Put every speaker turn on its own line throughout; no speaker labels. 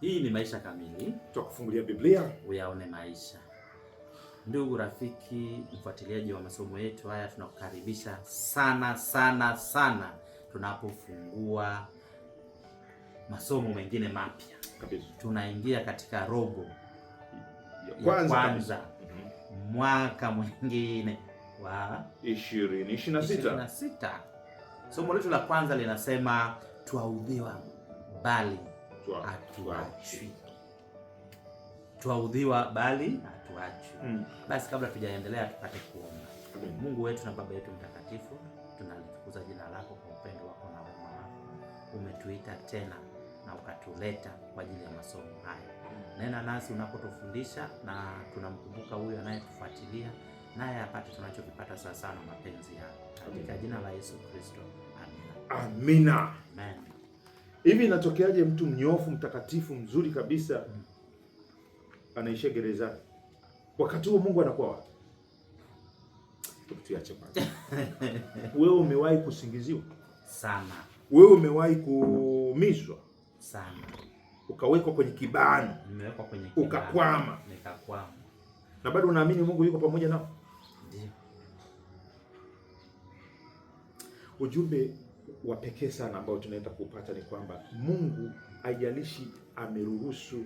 Hii ni Maisha Kamili,
tukufungulia Biblia
uyaone maisha. Ndugu rafiki, mfuatiliaji wa masomo yetu haya, tunakukaribisha sana sana sana tunapofungua masomo mengine mapya. Tunaingia katika robo
ya kwanza
mwaka mwingine wa
2026.
Somo letu la kwanza linasema twaudhiwa bali
hatuachwi, twaudhiwa bali
hatuachwi. Mm. Basi kabla tujaendelea, tupate kuomba. Mm. Mungu wetu na Baba yetu mtakatifu, tunalitukuza jina lako kwa upendo wako na wema wako. Umetuita tena na ukatuleta kwa ajili ya masomo haya. Nena nasi unapotufundisha, na tunamkumbuka huyu anayetufuatilia naye apate tunachokipata sawasawa na mapenzi yako, katika jina la Yesu Kristo, amina,
amina. Hivi inatokeaje mtu mnyofu mtakatifu mzuri kabisa anaishia gerezani? Wakati huo Mungu anakuwa wapi? Tuache kwanza. Wewe umewahi kusingiziwa sana? Wewe umewahi kuumizwa sana? Ukawekwa kwenye kibano, nimewekwa kwenye kibano, ukakwama,
nikakwama,
na bado unaamini Mungu yuko pamoja nao? Ndio ujumbe wa pekee sana ambao tunaenda kupata ni kwamba Mungu haijalishi ameruhusu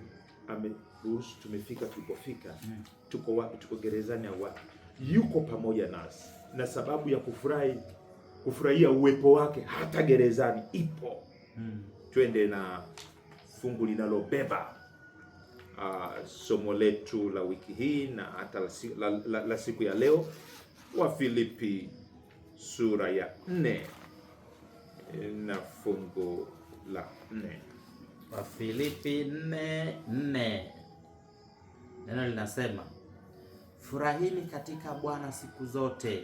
ameruhusu tumefika tulipofika, mm. tuko wapi, tuko gerezani au wapi, yuko pamoja nasi, na sababu ya kufurahi kufurahia uwepo wake hata gerezani ipo. Hmm. Twende na fungu linalobeba uh, somo letu la wiki hii na hata la, la, la, la siku ya leo, wa filipi sura ya nne na fungu la nne.
Wafilipi nne nne neno linasema furahini katika Bwana siku zote,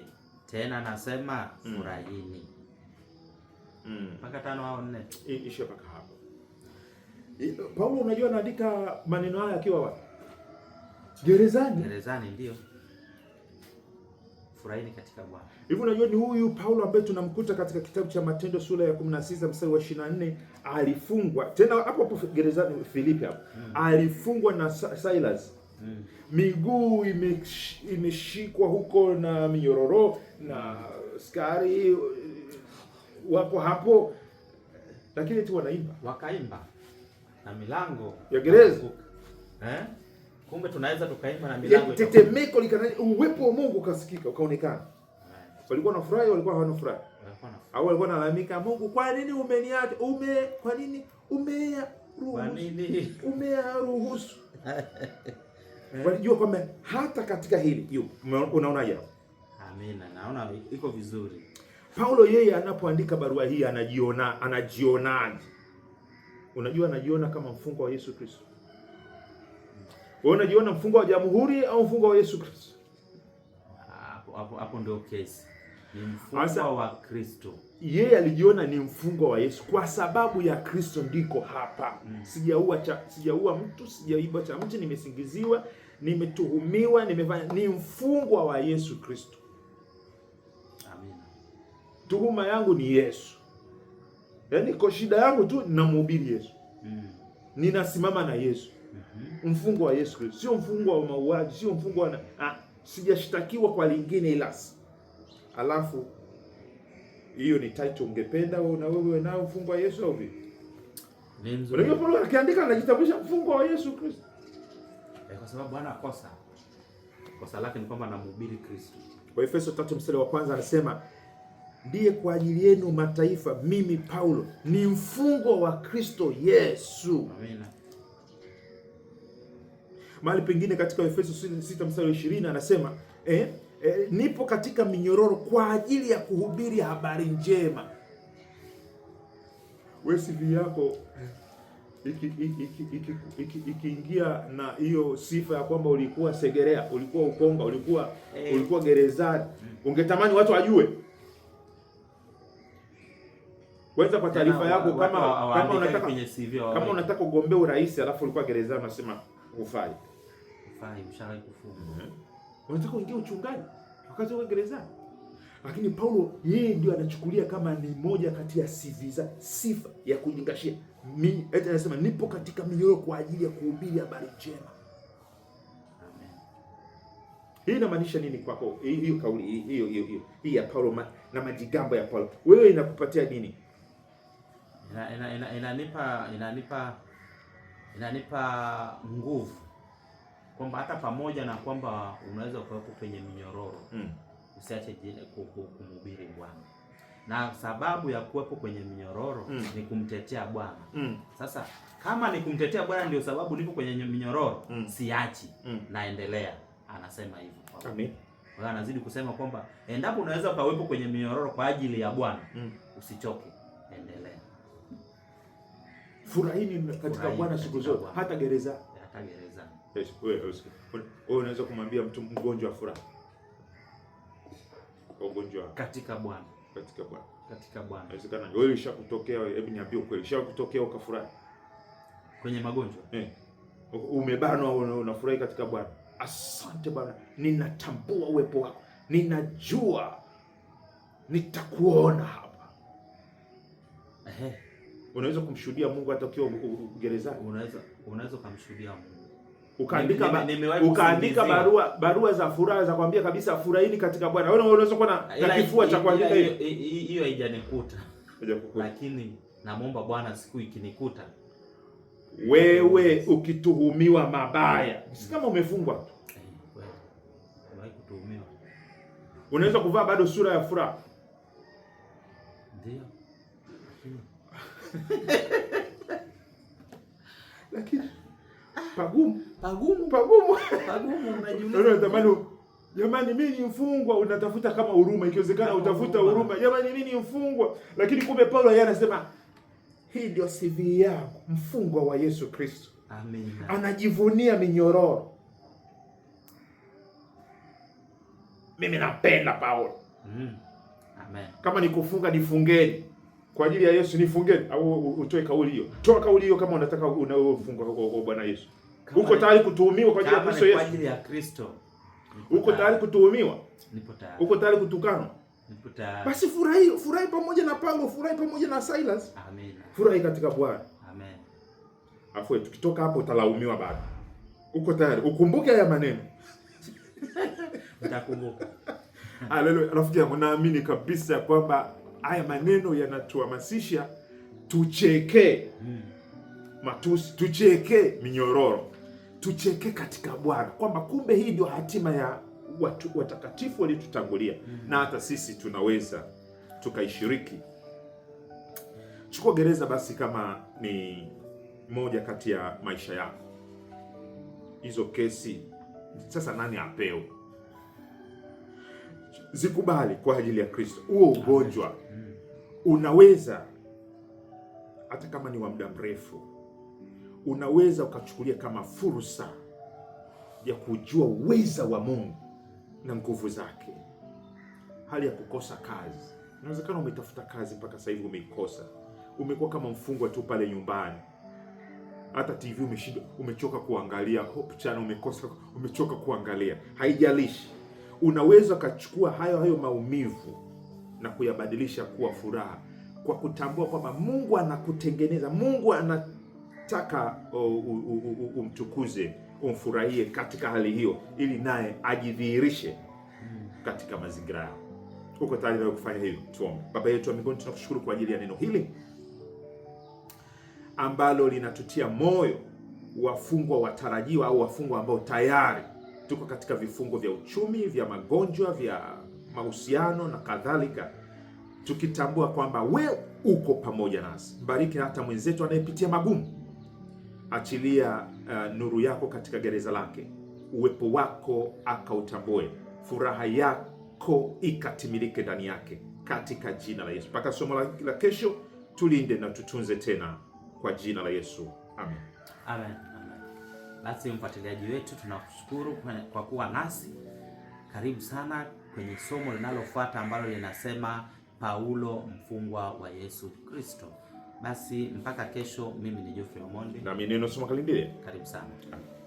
tena nasema mm. furahini mpaka mm. tano au nne
ishe mpaka hapo. Paulo, unajua anaandika maneno haya akiwa wapi? Gerezani.
Gerezani, ndio Furahini katika Bwana.
Hivi unajua ni huyu Paulo ambaye tunamkuta katika kitabu cha Matendo sura ya 16 mstari wa 24, alifungwa tena hapo hapo gerezani Filipi hapo hmm. alifungwa na Silas hmm. miguu imeshikwa huko na minyororo na askari wako hapo, lakini tu wanaimba,
wakaimba na milango ya gereza eh Kumbe tunaweza tukaimba na milango ya yaani
tetemeko likana, uwepo wa Mungu ukasikika ukaonekana. Walikuwa na furaha, walikuwa hawana furaha, au walikuwa wanalalamika, Mungu, kwa nini umeniacha? Ume kwa nini umea
ruhusu, Kwa nini
umea ruhusu. Walijua kwamba hata katika hili Unaona unaonaje?
Amina, naona iko vizuri.
Paulo yeye anapoandika barua hii anajiona, anajionaje? Unajua, anajiona kama mfungwa wa Yesu Kristo. Wewe unajiona mfungwa wa jamhuri au mfungwa wa Yesu Kristo?
Hapo hapo ndio kesi. Ni mfungwa wa Kristo.
Yeye alijiona ni mfungwa wa Yesu kwa sababu ya Kristo ndiko hapa. Mm. Sijaua cha sijaua mtu, sijaiba cha mtu, nimesingiziwa, nimetuhumiwa, nimefanya ni mfungwa wa Yesu Kristo. Amen. Tuhuma yangu ni Yesu. Yaani kwa shida yangu tu ninamhubiri Yesu. Mm. Ninasimama na Yesu mfungwa wa Yesu Kristo, sio mfungwa wa mauaji, sio mfungwa na ah, sijashtakiwa kwa lingine ila alafu hiyo ni title ungependa wewe na wewe nao mfungwa wa Yesu au vipi? Unajua Paulo akiandika anajitambulisha mfungwa wa Yesu Kristo.
E, kwa sababu hana kosa. Kosa lake ni kwamba anamhubiri Kristo.
Kwa Efeso 3 mstari wa kwanza anasema ndiye kwa ajili yenu mataifa, mimi Paulo ni mfungwa wa Kristo Yesu. Amina mahali pengine katika Efeso 6 mstari 20 anasema eh, eh, nipo katika minyororo kwa ajili ya kuhubiri habari njema. We CV yako eh. ikiingia na hiyo sifa ya kwamba ulikuwa Segerea, ulikuwa Ukonga, ulikuwa hey, eh. ulikuwa gerezani, hmm. ungetamani watu wajue kwanza kwa taarifa yako kama, kama unataka kama unataka ugombee urais alafu ulikuwa gerezani unasema hufai
mnafai, mshawahi kufungwa. Mhm. mm
-hmm. Unataka kuingia uchungani wakati wa gereza? Lakini Paulo yeye ndio anachukulia kama ni moja kati ya za sifa ya kujingashia. Mimi eti anasema nipo katika minyororo kwa ajili ya kuhubiri habari njema. Hii inamaanisha nini kwako? Hiyo kauli hiyo hiyo hiyo hii ya Paulo ma, na majigambo ya Paulo. Wewe inakupatia nini?
Inanipa ina, ina, inanipa inanipa inanipa nguvu kwamba hata pamoja na kwamba unaweza kuwepo kwenye minyororo mm. usiache kumhubiri Bwana na sababu ya kuwepo kwenye minyororo mm. ni kumtetea Bwana mm. Sasa kama ni kumtetea Bwana ndio sababu niko kwenye minyororo mm. siachi mm. naendelea, anasema hivyo. Amen. Kwa anazidi kusema kwamba endapo unaweza ukawepo kwenye minyororo kwa ajili ya Bwana mm. usichoke, endelea.
Furahini katika Bwana siku zote, hata gereza, hata gereza Eh, unaweza kumwambia mtu mgonjwa furaha, ugonjwa
katika Bwana, katika Bwana, katika Bwana.
Inawezekana wewe ulishakutokea, hebu niambie ukweli, ulishakutokea ukafurahi
kwenye magonjwa eh,
umebanwa, unafurahi katika Bwana. Asante Bwana, ninatambua uwepo wako, ninajua nitakuona hapa. Ehe, unaweza kumshuhudia Mungu hata ukiwa gerezani,
unaweza unaweza kumshuhudia Mungu
ukaandika ukaandika barua barua za furaha za kwambia kabisa furahini katika Bwana. Wewe unaweza kuwa na kifua cha kuandika hiyo.
Hiyo haijanikuta, lakini namwomba Bwana siku ikinikuta,
wewe ukituhumiwa mabaya, si kama umefungwa, eh, unaweza kuvaa bado sura ya furaha Ndio lakini pagumu pagumu pagumu pagumu, unajumlisha jamani, jamani mimi ni mfungwa, unatafuta kama huruma, ikiwezekana utafuta huruma, jamani mimi ni mfungwa. Lakini kumbe Paulo yeye anasema hii ndio CV yako, mfungwa wa Yesu Kristo. Amen. Anajivunia minyororo. Mimi napenda Paulo. Mm. Amen. Kama nikufunga nifungeni kwa ajili ya Yesu, nifungeni au utoe kauli hiyo. Toa kauli hiyo kama unataka unaofunga kwa Bwana Yesu. Uko tayari kutuhumiwa kwa ajili ya Kristo Yesu?
Kwa ajili ya Kristo.
Uko tayari kutuhumiwa? Nipo tayari. Uko tayari kutukanwa? Nipo tayari. Basi furahi, furahi pamoja na Paulo, furahi pamoja na Silas. Amen. Furahi katika Bwana. Amen. Afu tukitoka hapo utalaumiwa bado. Uko tayari? Ukumbuke haya maneno.
Utakumbuka.
Haleluya. Rafiki yangu, naamini kabisa kwamba haya maneno yanatuhamasisha tuchekee hmm. matusi, tuchekee minyororo tucheke katika Bwana kwamba kumbe hii ndio hatima ya watu watakatifu waliotutangulia mm -hmm. na hata sisi tunaweza tukaishiriki. Chukua gereza basi kama ni moja kati ya maisha yako, hizo kesi sasa, nani apewe? Zikubali kwa ajili ya Kristo. Huo ugonjwa unaweza hata kama ni wa muda mrefu unaweza ukachukulia kama fursa ya kujua uweza wa Mungu na nguvu zake. Hali ya kukosa kazi, inawezekana umetafuta kazi mpaka sasa hivi umeikosa, umekuwa kama mfungwa tu pale nyumbani, hata TV umeshindwa, umechoka kuangalia Hope Channel, umekosa, umechoka kuangalia. Haijalishi, unaweza ukachukua hayo hayo maumivu na kuyabadilisha kuwa furaha kwa kutambua kwamba Mungu anakutengeneza, Mungu ana nataka umtukuze, umfurahie katika hali hiyo, ili naye ajidhihirishe katika mazingira yao. Uko tayari nawe kufanya hivyo? Tuombe. Baba yetu wa mbinguni, tunakushukuru kwa ajili ya neno hili ambalo linatutia moyo wafungwa watarajiwa au wafungwa ambao tayari tuko katika vifungo vya uchumi, vya magonjwa, vya mahusiano na kadhalika, tukitambua kwamba we uko pamoja nasi. Bariki hata mwenzetu anayepitia magumu achilia uh, nuru yako katika gereza lake, uwepo wako akautambue, furaha yako ikatimilike ndani yake, katika jina la Yesu. Mpaka somo la, la kesho, tulinde na tutunze tena kwa jina la Yesu, amen,
amen, amen. Basi mfuatiliaji wetu, tunakushukuru kwa kuwa nasi. Karibu sana kwenye somo linalofuata ambalo linasema Paulo mfungwa wa Yesu Kristo. Basi mpaka kesho, mimi ni Geoffrey Omondi
na mimi ni Innocent Makalindile.
Karibu sana.